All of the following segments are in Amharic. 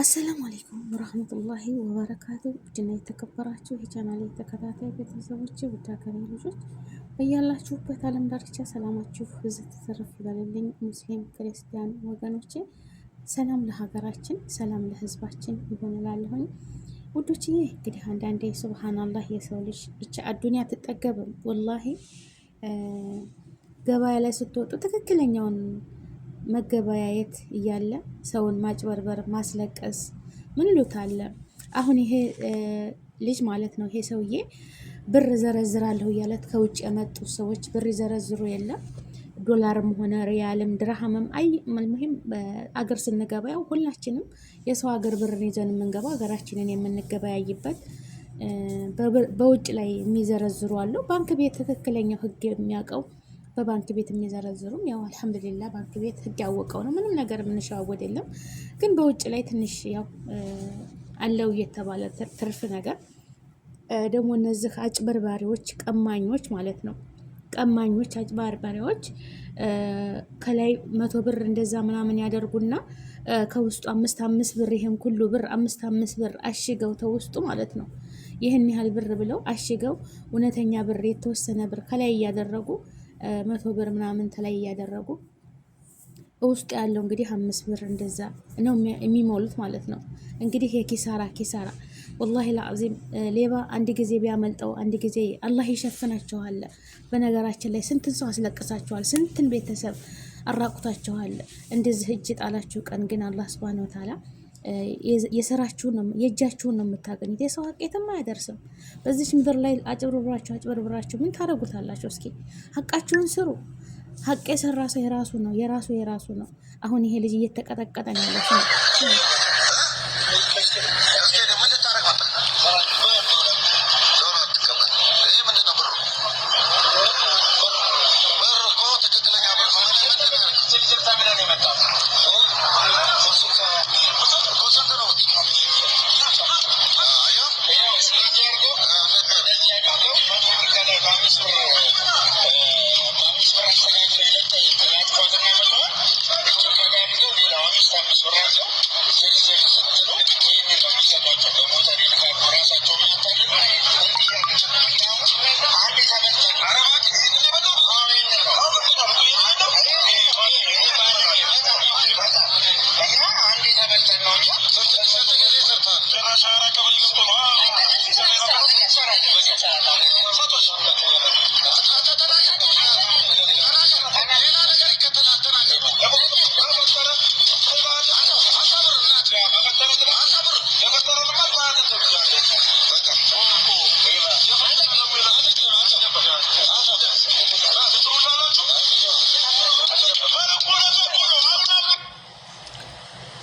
አሰላሙ አሌይኩም ወረህመቱላሂ ወበረካቱ። ውድና የተከበራችሁ የቻናሌ ተከታታይ ቤተሰቦች፣ ውድ ሀገሬ ልጆች በያላችሁበት ዓለም ዳርቻ ሰላማችሁ ብዝት ተዘረፍ ይበልልኝ። ሙስሊም ክርስቲያን ወገኖቼ ሰላም ለሀገራችን፣ ሰላም ለህዝባችን ይሆን እላለሁኝ። ውዶችዬ እንግዲህ አንዳንዴ ሱብሃናላህ የሰው ልጅ ብቻ አዱኒያ አትጠገብም። ወላሂ ገበያ ላይ ስትወጡ ትክክለኛውን መገበያየት እያለ ሰውን ማጭበርበር፣ ማስለቀስ ምን አለ አሁን ይሄ ልጅ ማለት ነው ይሄ ሰውዬ ብር ዘረዝራለሁ እያለት ከውጭ የመጡ ሰዎች ብር ይዘረዝሩ የለም ዶላርም ሆነ ሪያልም ድርሃምም አይ ምልምም አገር ስንገበያው ሁላችንም የሰው ሀገር ብርን ይዘን የምንገባ ሀገራችንን የምንገበያይበት በውጭ ላይ የሚዘረዝሩ አሉ። ባንክ ቤት ትክክለኛው ህግ የሚያውቀው በባንክ ቤት የሚዘረዝሩም ያው አልሐምዱሊላ ባንክ ቤት ህግ ያወቀው ነው። ምንም ነገር የምንሸዋወድ የለም። ግን በውጭ ላይ ትንሽ ያው አለው እየተባለ ትርፍ ነገር ደግሞ እነዚህ አጭበርባሪዎች ቀማኞች ማለት ነው። ቀማኞች አጭበርባሪዎች ከላይ መቶ ብር እንደዛ ምናምን ያደርጉና ከውስጡ አምስት አምስት ብር ይህን ሁሉ ብር አምስት አምስት ብር አሽገው ተውስጡ ማለት ነው። ይህን ያህል ብር ብለው አሽገው እውነተኛ ብር የተወሰነ ብር ከላይ እያደረጉ መቶ ብር ምናምን ተለይ እያደረጉ ውስጥ ያለው እንግዲህ አምስት ብር እንደዛ ነው የሚሞሉት ማለት ነው። እንግዲህ የኪሳራ ኪሳራ ወላሂ ለአዚም ሌባ አንድ ጊዜ ቢያመልጠው አንድ ጊዜ አላህ ይሸፍናችኋል። በነገራችን ላይ ስንትን ሰው አስለቅሳችኋል፣ ስንትን ቤተሰብ አራቁታችኋል። እንደዚህ እጅ ጣላችሁ ቀን ግን አላህ ስብሃነ ወተዓላ የስራችሁን የእጃችሁን ነው የምታገኙት። የሰው ሀቅ የትም አያደርስም። በዚች ምድር ላይ አጭበርብራችሁ አጭበርብራችሁ ምን ታደርጉታላችሁ? እስኪ ሀቃችሁን ስሩ። ሀቅ የሰራ ሰው የራሱ ነው፣ የራሱ የራሱ ነው። አሁን ይሄ ልጅ እየተቀጠቀጠ ነው ያለችው። Thank you.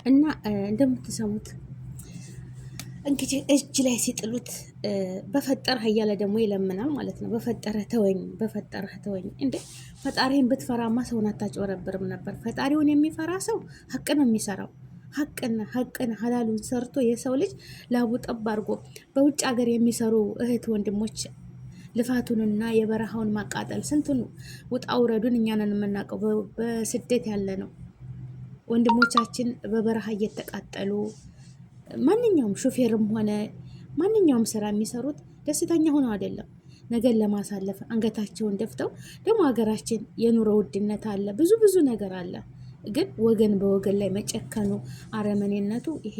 እና እንደምትሰሙት እንግዲህ እጅ ላይ ሲጥሉት በፈጠረህ እያለ ደግሞ ይለምናል ማለት ነው። በፈጠረህ ተወኝ፣ በፈጠረህ ተወኝ። እንደ ፈጣሪህን ብትፈራማ ሰውን አታጭበረብርም ነበር። ፈጣሪውን የሚፈራ ሰው ሀቅ ነው የሚሰራው። ሀቅን ሀቅን ሀላሉን ሰርቶ የሰው ልጅ ላቡ ጠብ አድርጎ በውጭ ሀገር የሚሰሩ እህት ወንድሞች ልፋቱንና የበረሃውን ማቃጠል ስንቱን ውጣ ውረዱን እኛንን የምናውቀው በስደት ያለ ነው። ወንድሞቻችን በበረሃ እየተቃጠሉ ማንኛውም ሹፌርም ሆነ ማንኛውም ስራ የሚሰሩት ደስተኛ ሆነው አይደለም። ነገን ለማሳለፍ አንገታቸውን ደፍተው ደግሞ ሀገራችን የኑሮ ውድነት አለ፣ ብዙ ብዙ ነገር አለ። ግን ወገን በወገን ላይ መጨከኑ አረመኔነቱ ይሄ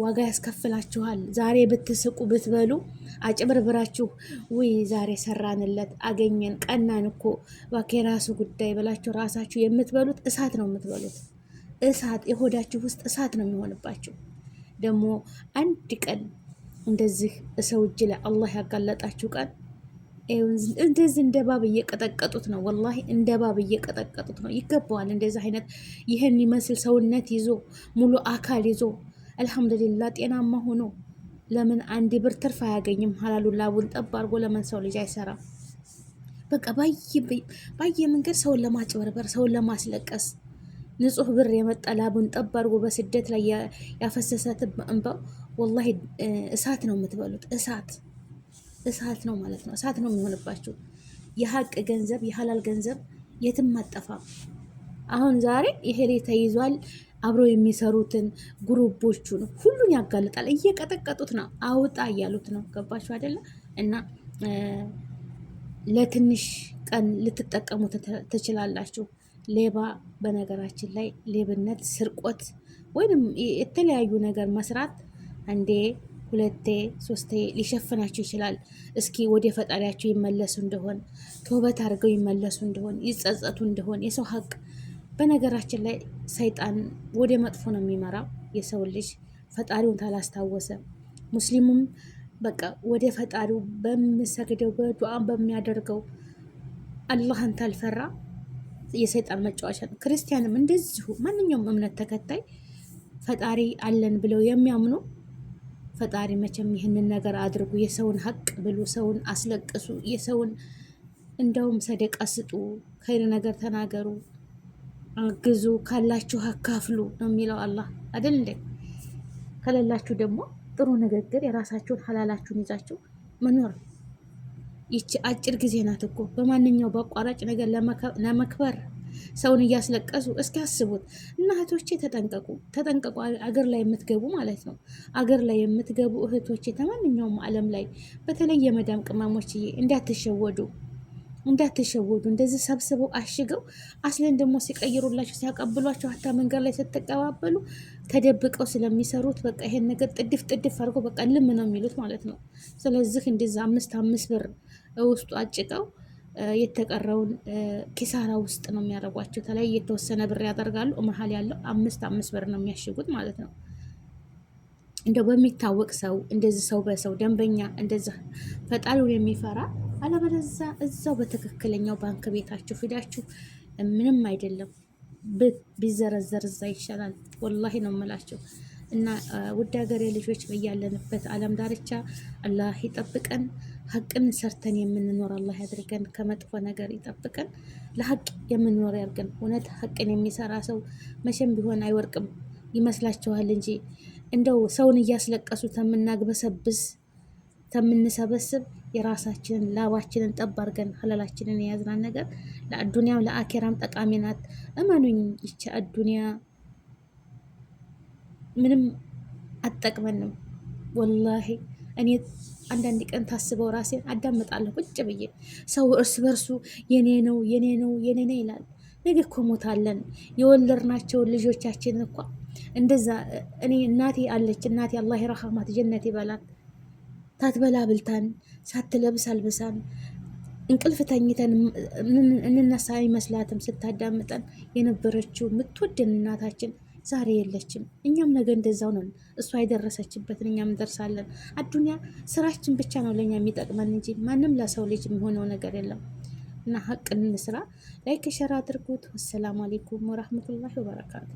ዋጋ ያስከፍላችኋል። ዛሬ ብትስቁ ብትበሉ አጭበርብራችሁ ውይ ዛሬ ሰራንለት አገኘን ቀናን እኮ እባክህ የራሱ ጉዳይ ብላችሁ ራሳችሁ የምትበሉት እሳት ነው የምትበሉት እሳት የሆዳችሁ ውስጥ እሳት ነው የሚሆንባችሁ። ደግሞ አንድ ቀን እንደዚህ እሰው እጅ ላይ አላህ ያጋለጣችሁ ቀን እንደዚህ እንደ ባብ እየቀጠቀጡት ነው። ወላሂ እንደ ባብ እየቀጠቀጡት ነው። ይገባዋል። እንደዚህ አይነት ይህን ይመስል ሰውነት ይዞ ሙሉ አካል ይዞ አልሐምዱሊላ ጤናማ ሆኖ ለምን አንድ ብር ትርፍ አያገኝም? ሀላሉ ላቡን ጠብ አድርጎ ለምን ሰው ልጅ አይሰራም? በቃ ባየ መንገድ ሰውን ለማጭበርበር ሰውን ለማስለቀስ ንጹህ ብር የመጣ ላቡን ጠብ አድርጎ በስደት ላይ ያፈሰሰት እንባው ወላሂ እሳት ነው የምትበሉት። እሳት እሳት ነው ማለት ነው። እሳት ነው የሚሆንባችሁ። የሀቅ ገንዘብ የሀላል ገንዘብ የትም አጠፋም። አሁን ዛሬ ይሄ ተይዟል። አብረው የሚሰሩትን ጉሩቦቹን ሁሉን ያጋልጣል። እየቀጠቀጡት ነው፣ አውጣ እያሉት ነው። ገባችሁ አይደለ? እና ለትንሽ ቀን ልትጠቀሙ ትችላላችሁ። ሌባ በነገራችን ላይ ሌብነት፣ ስርቆት ወይም የተለያዩ ነገር መስራት አንዴ ሁለቴ ሶስቴ ሊሸፍናቸው ይችላል። እስኪ ወደ ፈጣሪያቸው ይመለሱ እንደሆን ተውበት አድርገው ይመለሱ እንደሆን ይጸጸቱ እንደሆን የሰው ሀቅ በነገራችን ላይ ሰይጣን ወደ መጥፎ ነው የሚመራ የሰው ልጅ ፈጣሪውን ካላስታወሰ። ሙስሊሙም በቃ ወደ ፈጣሪው በሚሰግደው በዱዓ በሚያደርገው አላህን ካልፈራ የሰይጣን መጫወቻ ነው። ክርስቲያንም እንደዚሁ ማንኛውም እምነት ተከታይ ፈጣሪ አለን ብለው የሚያምኑ ፈጣሪ መቼም ይህንን ነገር አድርጉ፣ የሰውን ሀቅ ብሉ፣ ሰውን አስለቅሱ፣ የሰውን እንደውም ሰደቃ ስጡ፣ ከይር ነገር ተናገሩ፣ አግዙ፣ ካላችሁ አካፍሉ ነው የሚለው አላህ አደል እንዴ? ከሌላችሁ ደግሞ ጥሩ ንግግር የራሳችሁን ሀላላችሁን ይዛችሁ መኖር ይቺ አጭር ጊዜ ናት እኮ በማንኛው በአቋራጭ ነገር ለመክበር ሰውን እያስለቀሱ እስኪ አስቡት። እና እህቶቼ ተጠንቀቁ፣ ተጠንቀቁ። አገር ላይ የምትገቡ ማለት ነው። አገር ላይ የምትገቡ እህቶቼ ከማንኛውም ዓለም ላይ በተለይ የመዳም ቅመሞችዬ እንዳትሸወዱ፣ እንዳትሸወዱ። እንደዚህ ሰብስበው አሽገው አስለን ደግሞ ሲቀይሩላቸው ሲያቀብሏቸው፣ ሀታ መንገድ ላይ ስትቀባበሉ ተደብቀው ስለሚሰሩት በቃ ይሄን ነገር ጥድፍ ጥድፍ አድርጎ በቃ ልም ነው የሚሉት ማለት ነው። ስለዚህ እንደዚህ አምስት አምስት ብር ውስጡ አጭቀው የተቀረውን ኪሳራ ውስጥ ነው የሚያደርጓቸው። ተለይ የተወሰነ ብር ያደርጋሉ። መሀል ያለው አምስት አምስት ብር ነው የሚያሽጉት ማለት ነው። እንደው በሚታወቅ ሰው እንደዚህ ሰው በሰው ደንበኛ እንደዚህ ፈጣሪውን የሚፈራ አለበለዛ እዛው በትክክለኛው ባንክ ቤታችሁ ሂዳችሁ ምንም አይደለም ቢዘረዘር እዛ ይሻላል። ወላሂ ነው የምላቸው። እና ውድ ሀገሬ ልጆች በያለንበት አለም ዳርቻ አላህ ይጠብቀን። ሀቅን ሰርተን የምንኖር አላህ ያድርገን። ከመጥፎ ነገር ይጠብቀን። ለሀቅ የምንኖር ያርገን እውነት ሀቅን የሚሰራ ሰው መቼም ቢሆን አይወርቅም ይመስላችኋል እንጂ እንደው ሰውን እያስለቀሱ ተምናግበሰብስ ተምንሰበስብ የራሳችንን ላባችንን ጠብ አድርገን ሀላላችንን የያዝናን ነገር ለአዱኒያም ለአኬራም ጠቃሚ ናት። እመኑኝ ይቺ አዱኒያ ምንም አጠቅመንም። ወላሂ እኔ አንዳንድ ቀን ታስበው ራሴን አዳምጣለሁ ቁጭ ብዬ። ሰው እርስ በርሱ የኔ ነው የኔ ነው የኔ ነው ይላል። ነገ እኮ ሞታለን። የወለድናቸውን ልጆቻችን እኳ እንደዛ እኔ እናቴ አለች እናቴ አላህ ረሃማት ጀነት ይበላል። ታትበላ ብልታን ሳትለብስ አልብሳን እንቅልፍ ተኝተን እንነሳ አይመስላትም ስታዳምጠን የነበረችው የምትወደን እናታችን ዛሬ የለችም። እኛም ነገ እንደዛው ነን። እሷ የደረሰችበትን እኛም እንደርሳለን። አዱኒያ ስራችን ብቻ ነው ለእኛ የሚጠቅመን እንጂ ማንም ለሰው ልጅ የሚሆነው ነገር የለም እና ሀቅ እንስራ። ላይክ ሸር አድርጉት። ወሰላሙ አሌይኩም ወራህመቱላሂ ወበረካቱ